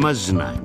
መዝናኛ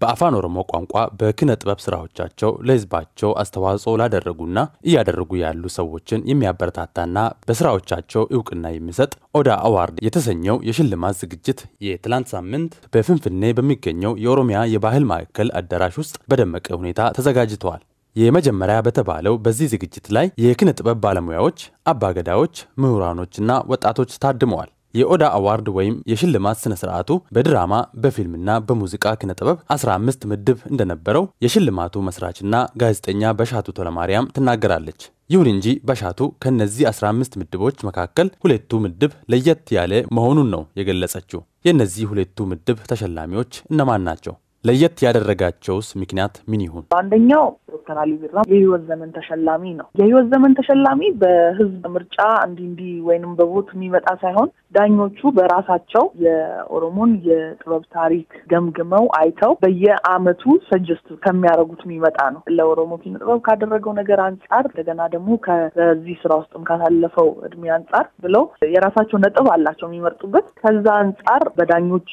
በአፋን ኦሮሞ ቋንቋ በኪነ ጥበብ ስራዎቻቸው ለህዝባቸው አስተዋጽኦ ላደረጉና እያደረጉ ያሉ ሰዎችን የሚያበረታታና በስራዎቻቸው እውቅና የሚሰጥ ኦዳ አዋርድ የተሰኘው የሽልማት ዝግጅት የትላንት ሳምንት በፍንፍኔ በሚገኘው የኦሮሚያ የባህል ማዕከል አዳራሽ ውስጥ በደመቀ ሁኔታ ተዘጋጅተዋል። የመጀመሪያ በተባለው በዚህ ዝግጅት ላይ የኪነ ጥበብ ባለሙያዎች፣ አባገዳዎች፣ ምሁራኖችና ወጣቶች ታድመዋል። የኦዳ አዋርድ ወይም የሽልማት ስነ ስርዓቱ በድራማ በፊልምና በሙዚቃ ኪነጥበብ 15 ምድብ እንደነበረው የሽልማቱ መስራችና ጋዜጠኛ በሻቱ ቶለማርያም ትናገራለች። ይሁን እንጂ በሻቱ ከነዚህ 15 ምድቦች መካከል ሁለቱ ምድብ ለየት ያለ መሆኑን ነው የገለጸችው። የእነዚህ ሁለቱ ምድብ ተሸላሚዎች እነማን ናቸው? ለየት ያደረጋቸውስ ምክንያት ምን ይሁን? አንደኛው ዶክተር አሊ ቢራ የህይወት ዘመን ተሸላሚ ነው። የህይወት ዘመን ተሸላሚ በህዝብ ምርጫ እንዲህ እንዲህ ወይንም በቦት የሚመጣ ሳይሆን ዳኞቹ በራሳቸው የኦሮሞን የጥበብ ታሪክ ገምግመው አይተው በየአመቱ ሰጀስት ከሚያደርጉት የሚመጣ ነው። ለኦሮሞ ኪነ ጥበብ ካደረገው ነገር አንጻር እንደገና ደግሞ ከዚህ ስራ ውስጥም ካሳለፈው እድሜ አንጻር ብለው የራሳቸው ነጥብ አላቸው የሚመርጡበት። ከዛ አንጻር በዳኞች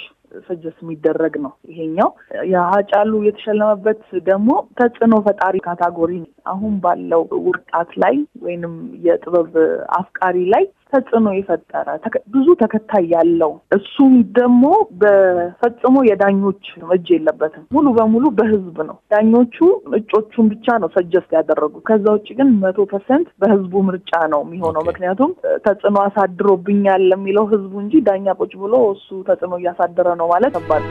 ሰጀስ የሚደረግ ነው ይሄኛው። የሀጫሉ የተሸለመበት ደግሞ ተጽዕኖ ፈጣሪ ካታጎሪ አሁን ባለው ውርጣት ላይ ወይንም የጥበብ አፍቃሪ ላይ ተጽዕኖ የፈጠረ ብዙ ተከታይ ያለው እሱም ደግሞ በፈጽሞ የዳኞች እጅ የለበትም። ሙሉ በሙሉ በህዝብ ነው። ዳኞቹ እጮቹን ብቻ ነው ሰጀስት ያደረጉ። ከዛ ውጭ ግን መቶ ፐርሰንት በህዝቡ ምርጫ ነው የሚሆነው። ምክንያቱም ተጽዕኖ አሳድሮብኛል የሚለው ህዝቡ እንጂ ዳኛ ቁጭ ብሎ እሱ ተጽዕኖ እያሳደረ ነው ማለት ነባል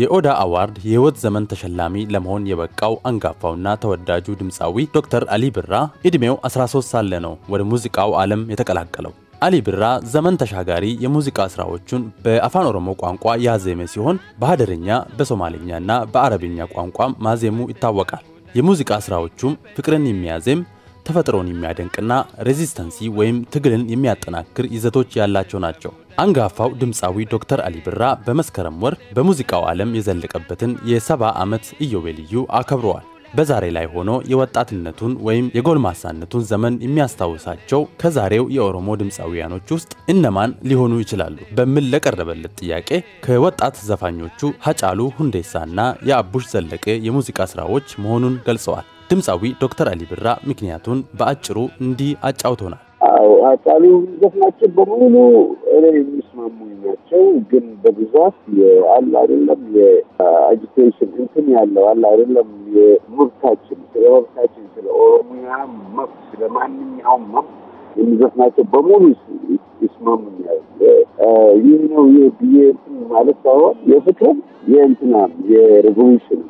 የኦዳ አዋርድ የህይወት ዘመን ተሸላሚ ለመሆን የበቃው አንጋፋውና ተወዳጁ ድምፃዊ ዶክተር አሊ ብራ ዕድሜው 13 ሳለ ነው ወደ ሙዚቃው ዓለም የተቀላቀለው። አሊ ብራ ዘመን ተሻጋሪ የሙዚቃ ስራዎቹን በአፋን ኦሮሞ ቋንቋ ያዘመ ሲሆን በሀደርኛ፣ በሶማሌኛና በአረብኛ ቋንቋም ማዜሙ ይታወቃል። የሙዚቃ ስራዎቹም ፍቅርን የሚያዜም ተፈጥሮን የሚያደንቅና ሬዚስተንሲ ወይም ትግልን የሚያጠናክር ይዘቶች ያላቸው ናቸው። አንጋፋው ድምፃዊ ዶክተር አሊ ብራ በመስከረም ወር በሙዚቃው ዓለም የዘለቀበትን የሰባ ዓመት ኢዮቤልዩ አከብረዋል። በዛሬ ላይ ሆኖ የወጣትነቱን ወይም የጎልማሳነቱን ዘመን የሚያስታውሳቸው ከዛሬው የኦሮሞ ድምፃዊያኖች ውስጥ እነማን ሊሆኑ ይችላሉ? በሚል ለቀረበለት ጥያቄ ከወጣት ዘፋኞቹ ሀጫሉ ሁንዴሳና የአቡሽ ዘለቀ የሙዚቃ ስራዎች መሆኑን ገልጸዋል። ድምፃዊ ዶክተር አሊ ብራ ምክንያቱን በአጭሩ እንዲህ አጫውቶናል። ያው አጣሉ ዘፍናቸው በሙሉ እኔ የሚስማሙኝ ናቸው። ግን በብዛት አለ አይደለም የአጂቴሽን እንትን ያለው አለ አይደለም የመብታችን ስለ መብታችን ስለ ኦሮሚያ መብት ስለ ማንኛውም መብት የሚዘፍናቸው በሙሉ ይስማሙኛል። ይህ ነው የብዬ ማለት ሳይሆን የፍቅርም የእንትናም የሬቮሉሽንም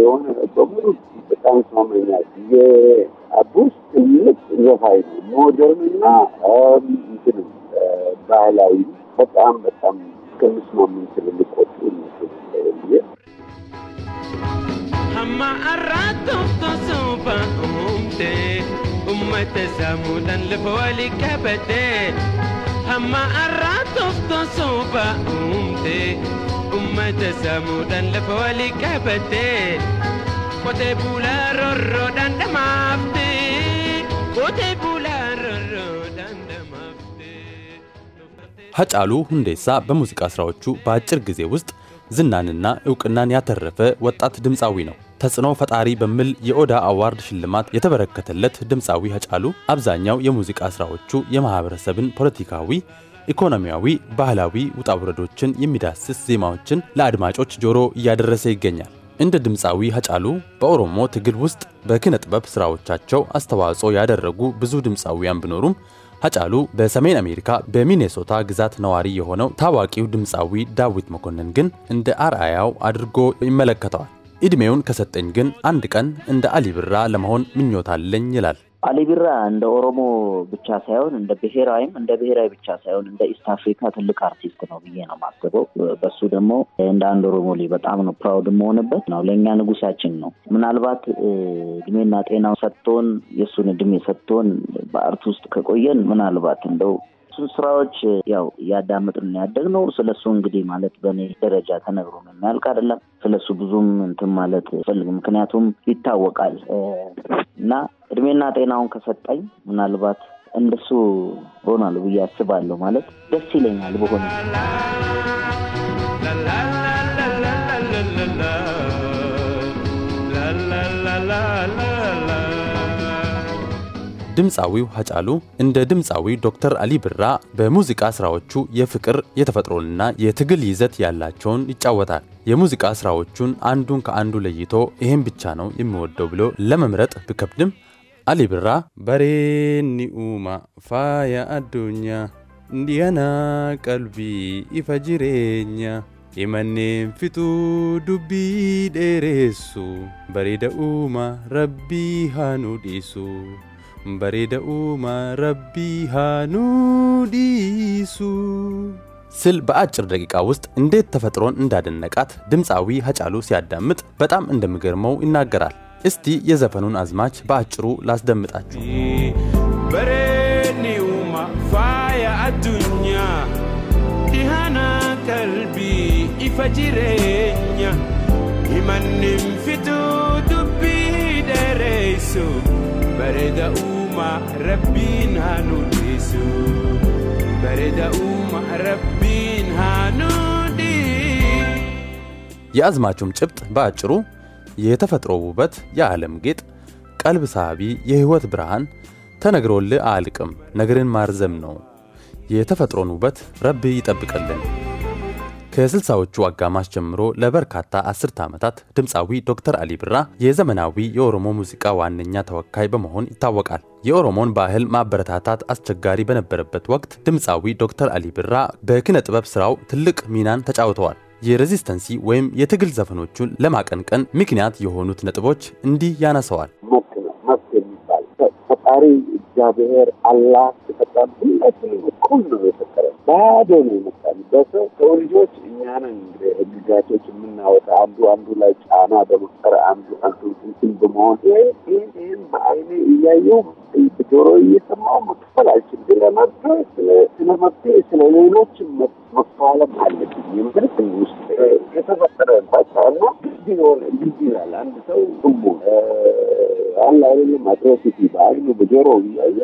የሆነ በሙሉ በጣም ይስማማኛል። የአቡስ ትልቅ ዘፋኝ ነው። ሞደርንና እንትንም ባህላዊ በጣም በጣም ከሚስማሙ ትልልቆች ማ ummata samuudhaan lafa walii qabatee qotee bulaa rorroodhaan dhamaafte qotee bulaa rorroodhaan dhamaafte. ሀጫሉ ሁንዴሳ በሙዚቃ ስራዎቹ በአጭር ጊዜ ውስጥ ዝናንና እውቅናን ያተረፈ ወጣት ድምፃዊ ነው። ተጽዕኖ ፈጣሪ በሚል የኦዳ አዋርድ ሽልማት የተበረከተለት ድምፃዊ ሀጫሉ አብዛኛው የሙዚቃ ስራዎቹ የማህበረሰብን ፖለቲካዊ ኢኮኖሚያዊ፣ ባህላዊ ውጣውረዶችን የሚዳስስ ዜማዎችን ለአድማጮች ጆሮ እያደረሰ ይገኛል። እንደ ድምፃዊ ሀጫሉ በኦሮሞ ትግል ውስጥ በኪነ ጥበብ ስራዎቻቸው አስተዋጽኦ ያደረጉ ብዙ ድምፃዊያን ቢኖሩም ሀጫሉ በሰሜን አሜሪካ በሚኔሶታ ግዛት ነዋሪ የሆነው ታዋቂው ድምፃዊ ዳዊት መኮንን ግን እንደ አርአያው አድርጎ ይመለከተዋል። ዕድሜውን ከሰጠኝ ግን አንድ ቀን እንደ አሊ ብራ ለመሆን ምኞታለኝ ይላል። አሊ ቢራ እንደ ኦሮሞ ብቻ ሳይሆን እንደ ብሔራዊም እንደ ብሔራዊ ብቻ ሳይሆን እንደ ኢስት አፍሪካ ትልቅ አርቲስት ነው ብዬ ነው ማስበው። በሱ ደግሞ እንደ አንድ ኦሮሞ ላይ በጣም ነው ፕራውድ የምሆንበት ነው። ለእኛ ንጉሳችን ነው። ምናልባት እድሜና ጤናው ሰጥቶን የእሱን እድሜ ሰጥቶን በአርት ውስጥ ከቆየን ምናልባት እንደው እሱን ስራዎች ያው ያዳምጥን ያደግ ነው። ስለሱ እንግዲህ ማለት በእኔ ደረጃ ተነግሮ ነው የሚያልቅ አይደለም። ስለሱ ብዙም እንትን ማለት ፈልግ፣ ምክንያቱም ይታወቃል እና እድሜና ጤናውን ከሰጠኝ ምናልባት እንደሱ ሆናሉ ብዬ አስባለሁ። ማለት ደስ ይለኛል በሆነ la ድምፃዊው ሀጫሉ እንደ ድምፃዊ ዶክተር አሊ ብራ በሙዚቃ ስራዎቹ የፍቅር የተፈጥሮንና የትግል ይዘት ያላቸውን ይጫወታል። የሙዚቃ ስራዎቹን አንዱን ከአንዱ ለይቶ ይህም ብቻ ነው የሚወደው ብሎ ለመምረጥ ብከብድም! አሊ ብራ በሬኒኡማ ፋያ አዱኛ እንዲያና ቀልቢ ይፈጅሬኛ የመኔም ፊቱ ዱቢ ዴሬሱ በሬደኡማ ረቢ ሃኑ ዲሱ bareeda uumaa ረቢ ሀኑ ስል በአጭር ደቂቃ ውስጥ እንዴት ተፈጥሮን እንዳደነቃት ድምፃዊ ሀጫሉ ሲያዳምጥ በጣም እንደሚገርመው ይናገራል። እስቲ የዘፈኑን አዝማች በአጭሩ ላስደምጣችሁ። በሬኒውማ ፋያ አዱኛ ቀልቢ ፊቱ ዱቢ ደሬይሱ بردا أوما أوما የአዝማቹም ጭብጥ በአጭሩ የተፈጥሮ ውበት፣ የዓለም ጌጥ፣ ቀልብ ሳቢ የህይወት ብርሃን ተነግሮልህ አልቅም ነገርን ማርዘም ነው። የተፈጥሮን ውበት ረብ ይጠብቅልን። ከ60ዎቹ አጋማሽ ጀምሮ ለበርካታ አስርተ ዓመታት ድምፃዊ ዶክተር አሊ ብራ የዘመናዊ የኦሮሞ ሙዚቃ ዋነኛ ተወካይ በመሆን ይታወቃል። የኦሮሞን ባህል ማበረታታት አስቸጋሪ በነበረበት ወቅት ድምፃዊ ዶክተር አሊ ብራ በኪነ ጥበብ ስራው ትልቅ ሚናን ተጫውተዋል። የሬዚስተንሲ ወይም የትግል ዘፈኖቹን ለማቀንቀን ምክንያት የሆኑት ነጥቦች እንዲህ ያነሰዋል። መብት ነው መብት የሚባል ፈጣሪ እግዚአብሔር አላህ የፈጠረን ሁላችንም እኩል ነው የፈጠረን። ባዶ ነው የመጣን በሰው ሰው ልጆች እኛንን እንግዲህ ህግጋቶች የምናወጣ አንዱ አንዱ ላይ ጫና በመፍጠር አንዱ አንዱ ትንትን በመሆን ይህን ይህን በአይኔ እያየው ጆሮ እየሰማው መክፈል አልችል። ስለ መብት ስለ መብት ስለ ሌሎች መፋለም አለብኝ ምልክ ውስጥ የተፈጠረ ባቻ እና ግድ ሆነ ግድ ይላል አንድ ሰው ግቡ ቃል አይደለም አትሮሲቲ በአይኑ በጆሮ እያየ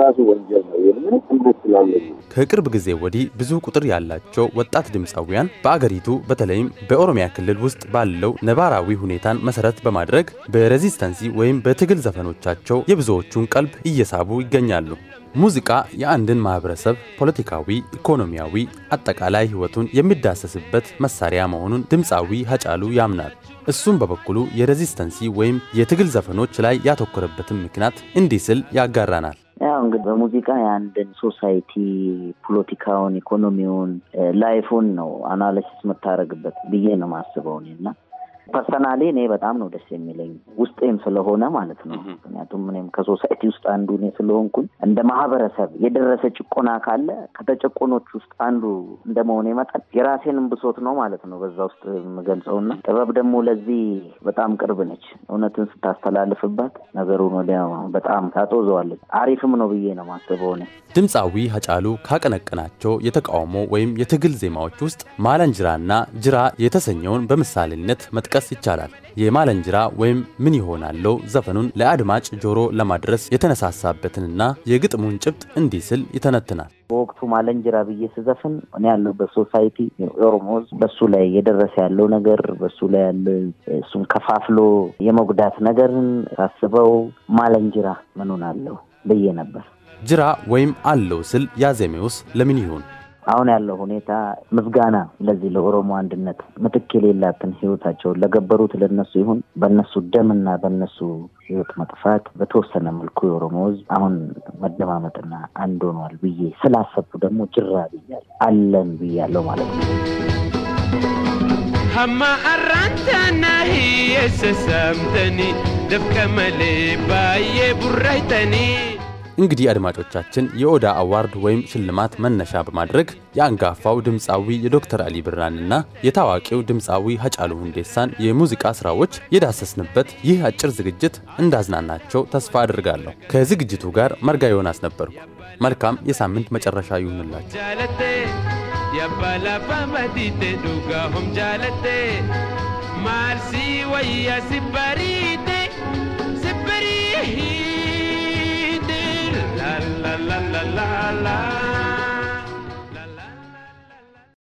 ራሱ ወንጀል ነው የምን እምነት ስላለኝ ከቅርብ ጊዜ ወዲህ ብዙ ቁጥር ያላቸው ወጣት ድምፃውያን በአገሪቱ በተለይም በኦሮሚያ ክልል ውስጥ ባለው ነባራዊ ሁኔታን መሰረት በማድረግ በሬዚስተንሲ ወይም በትግል ዘፈኖቻቸው የብዙዎቹን ቀልብ እየሳቡ ይገኛሉ። ሙዚቃ የአንድን ማህበረሰብ ፖለቲካዊ፣ ኢኮኖሚያዊ፣ አጠቃላይ ህይወቱን የሚዳሰስበት መሳሪያ መሆኑን ድምፃዊ ሀጫሉ ያምናል። እሱም በበኩሉ የሬዚስተንሲ ወይም የትግል ዘፈኖች ላይ ያተኮረበትን ምክንያት እንዲህ ስል ያጋራናል። ያው እንግዲህ በሙዚቃ የአንድን ሶሳይቲ ፖለቲካውን፣ ኢኮኖሚውን፣ ላይፉን ነው አናሊሲስ የምታደርግበት ብዬ ነው የማስበው እኔ እና ፐርሰናሊ እኔ በጣም ነው ደስ የሚለኝ ውስጤም ስለሆነ ማለት ነው። ምክንያቱም እኔም ከሶሳይቲ ውስጥ አንዱ እኔ ስለሆንኩኝ እንደ ማህበረሰብ የደረሰ ጭቆና ካለ ከተጨቆኖች ውስጥ አንዱ እንደመሆኔ መጠን የራሴንም ብሶት ነው ማለት ነው በዛ ውስጥ የምገልጸውና ጥበብ ደግሞ ለዚህ በጣም ቅርብ ነች። እውነትን ስታስተላልፍባት ነገሩን ወዲያ በጣም ታጦዘዋለች። አሪፍም ነው ብዬ ነው ማስበው። እኔ ድምፃዊ ሀጫሉ ካቀነቀናቸው የተቃውሞ ወይም የትግል ዜማዎች ውስጥ ማለንጅራና ጅራ የተሰኘውን በምሳሌነት መጥቀ መጥቀስ ይቻላል። የማለንጅራ ወይም ምን ይሆናለው ዘፈኑን ለአድማጭ ጆሮ ለማድረስ የተነሳሳበትንና የግጥሙን ጭብጥ እንዲህ ስል ይተነትናል። በወቅቱ ማለንጅራ ብዬ ስዘፍን እኔ ያለሁበት ሶሳይቲ ኦሮሞ ሕዝብ በሱ ላይ የደረሰ ያለው ነገር በሱ ላይ ያለ እሱን ከፋፍሎ የመጉዳት ነገርን ሳስበው ማለንጅራ ምኑን አለው ብዬ ነበር። ጅራ ወይም አለው ስል ያዜሜውስ ለምን ይሁን አሁን ያለው ሁኔታ ምስጋና ለዚህ ለኦሮሞ አንድነት ምትክ የሌላትን ህይወታቸውን ለገበሩት ለነሱ ይሁን በነሱ ደምና በነሱ ህይወት መጥፋት በተወሰነ መልኩ የኦሮሞ ህዝብ አሁን መደማመጥና አንድ ሆኗል ብዬ ስላሰብኩ ደግሞ ጅራ ብያል አለን ብያለው ማለት ነው። ሀማ አራንተና ሂየሰ ሰምተኒ ደፍከ ባዬ ቡራይተኒ እንግዲህ አድማጮቻችን የኦዳ አዋርድ ወይም ሽልማት መነሻ በማድረግ የአንጋፋው ድምፃዊ የዶክተር አሊ ብራንና የታዋቂው ድምፃዊ ሀጫሉ ሁንዴሳን የሙዚቃ ስራዎች የዳሰስንበት ይህ አጭር ዝግጅት እንዳዝናናቸው ተስፋ አድርጋለሁ። ከዝግጅቱ ጋር መርጋ ዮናስ ነበርኩ። መልካም የሳምንት መጨረሻ ይሁንላችሁ። ማርሲ ወያ ሲበሪቴ ሲበሪ la la la la